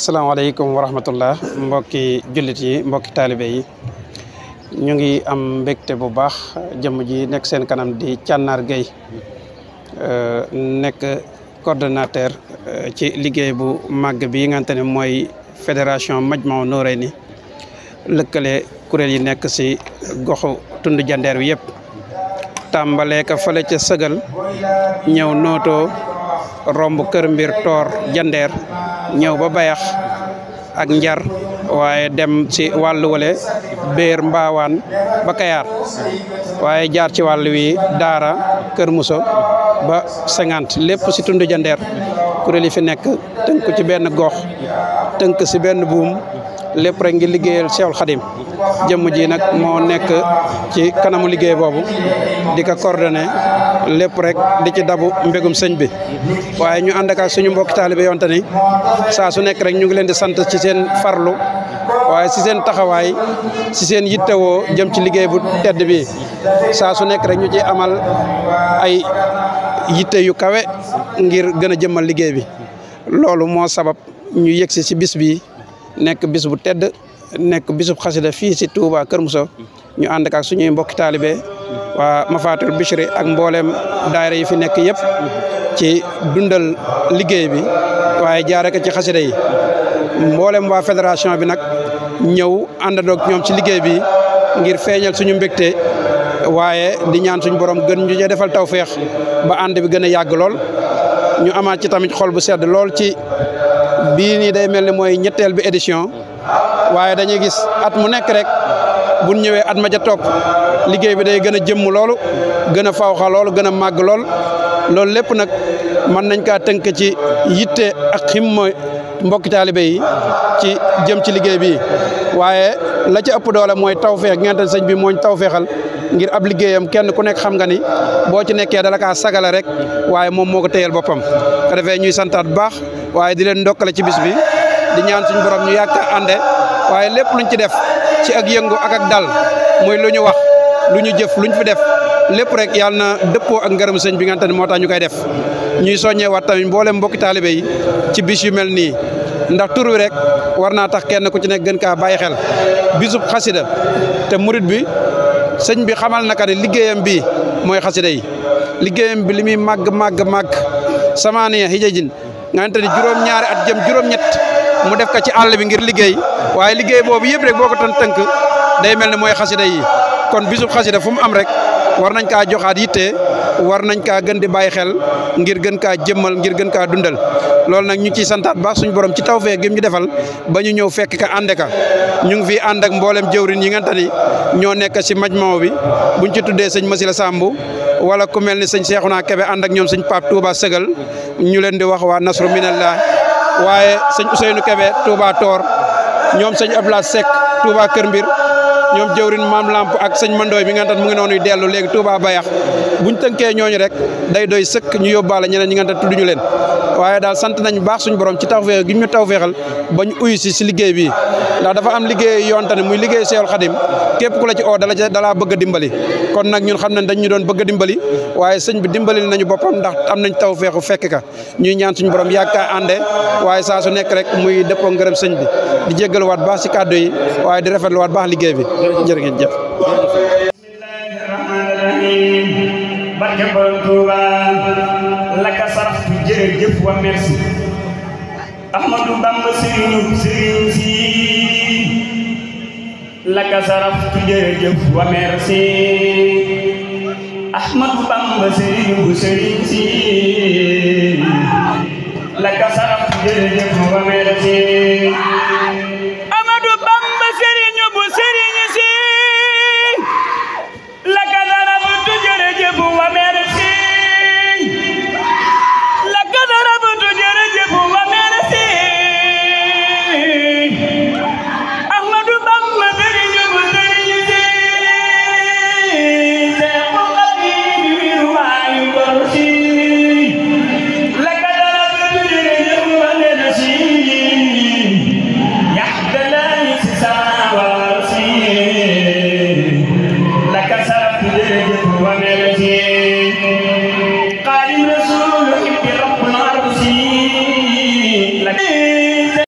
salaamaaleykum wa rahmatullah mbokki jullit yi mbokki taalibe yi ñu ngi am mbégte bu baax jëmm ji nekk seen kanam di Cànnaar Gueye euh, nekk coordonnateur euh, ci liggéey bu màgg bi nga xamante ne mooy fédération Majmahun Nurayni lëkkale kuréel yi nekk si goxu tund jandeer bi yëpp tàmbalee ka ca sëgal ñëw nooto romb kër mbir toor jandeer ñëw ba bayax ak njar waaye dem ci wàllu wale béer mbaawaan ba kayaar waaye jaar ci wàll wi daara kër Moussa ba cinquante lépp ci tund jandeer kuréel yi fi nekk tënk ci benn gox tënk ci benn buum lépp rek ngi liggéeyal Seexul Xadim jëmm ji nag moo nekk ci kanamu liggéey boobu di ko coordonné lépp rek di ci dabu mbégum sëñ bi waaye ñu ànd ak suñu mbokk taalibe yonte ni saa su nekk rek ñu ngi leen di sant ci seen farlu waaye si seen taxawaay si seen yittewoo jëm ci liggéey bu tedd bi saa su nekk rek ñu ci amal ay yitte yu kawe ngir gën a jëmmal liggéey bi loolu moo sabab ñu yegsi si bis bi nekk bis bu tedd nekk bisub xasida fii si Touba Kër Moussa ñu ànd ak suñuy mbokki taalibe waa Mafatul Bichri ak mbooleem daayira yi fi nekk yëpp ci dundal liggéey bi waaye jaare ko ci xasida yi mboolem waa fédération bi nag ñëw àndandoog ñoom ci liggéey bi ngir feeñal suñu mbégte waaye di ñaan suñu borom gën ñu defal taw tawféex ba ànd bi gën a yàgg lool ñu amaat ci tamit xol bu sedd lool ci bii nii day mel ni mooy ñetteel bi édition waaye dañuy gis at mu nekk rek bu ñëwee at ma ca topp liggéey bi day gën a jëmm loolu gën a fawxa loolu gën a màgg lool loolu lépp nag mën nañ kaa tënk ci yitte ak mooy mbokki taalibe yi ci jëm ci liggéey bi waaye la ci ëpp doole mooy tawfeex gi ngeen sëñ bi mooñ tawfeexal ngir ab liggéeyam kenn ku nekk xam nga ni boo ci nekkee dala kaa sagale rek waaye moom moo ko téyel boppam ko defee ñuy santaat bu baax waaye di leen ndokkale ci bis bi di ñaan ñu yàgg ànde waye lepp luñ ci def ci ak yëngu ak ak dal moy luñu wax luñu jëf luñ fi def lepp rek yàlla na dëppoo ak ngërëm sëñ bi nga xam ne moo tax def ñuy soññeewaat tamit mbolé mbokk talibé yi ci bis yu melni ndax tour wi rek warna tax kenn ku ci nek gën ka bàyyi xel bisub khassida te mourid bi sëñ bi xamal naka ni liggéeyam bi moy khassida yi liggéeyam bi limi mag mag mag samaniya hijajin nga xamante di juróom-ñaari at jëm juroom ñett mu def ko ci all bi ngir liggey waye liggey bobu yeb rek boko tan tank day melni moy khassida yi kon bisub khassida fum am rek war nañ ka joxat yitte war nañ ka gën di bay xel ngir gën ka jëmmal ngir gën ka dundal loolu nak ñu ci santat baax suñu borom ci tawfe gi ñu defal ba ñu fekk ka ànde ka ñu ngi fi and ak mbollem jëwrin yi nga tani ño nekk bi buñ ci tuddé señ Masila sambu wala ku melni señ cheikhuna Kebe and ak ñom señ pap Touba segal ñu leen di wax wa nasru minallah waaye sëñ Ousseynou Kébé Touba Toor ñoom sëñ Abdoulaye Seck Touba Kër Mbir ñoom jëwrin maam làmp ak sëñ Mandooy bi nga xam mu ngi noonuy dellu léegi Touba Bayax buñ tënkee ñoñu rek day doy sëkk ñu yóbbaale ñeneen ñi nga xam tuddu ñu leen waye daal sant nañ baax suñu borom ci tawfeex gi ñu tawfeexal ba ñu uyu si si liggéey bi ndax dafa am liggéey yoonte muy liggéey cheikhul khadim képp ku la ci oo dala ca bëgg dimbali kon nak ñun xam dañ ñu doon bëgg dimbali waye señ bi dimbali nañu bopam ndax am nañ tawfeexu fekk ka ñuy ñaan suñu borom yaaka andé waye sa su nekk rek muy dëppoo ngërëm señ bi di waat baax ci cadeau yi waye di waat baax liggéey bi jërë jëf barke borom Touba laka saraftu wa merci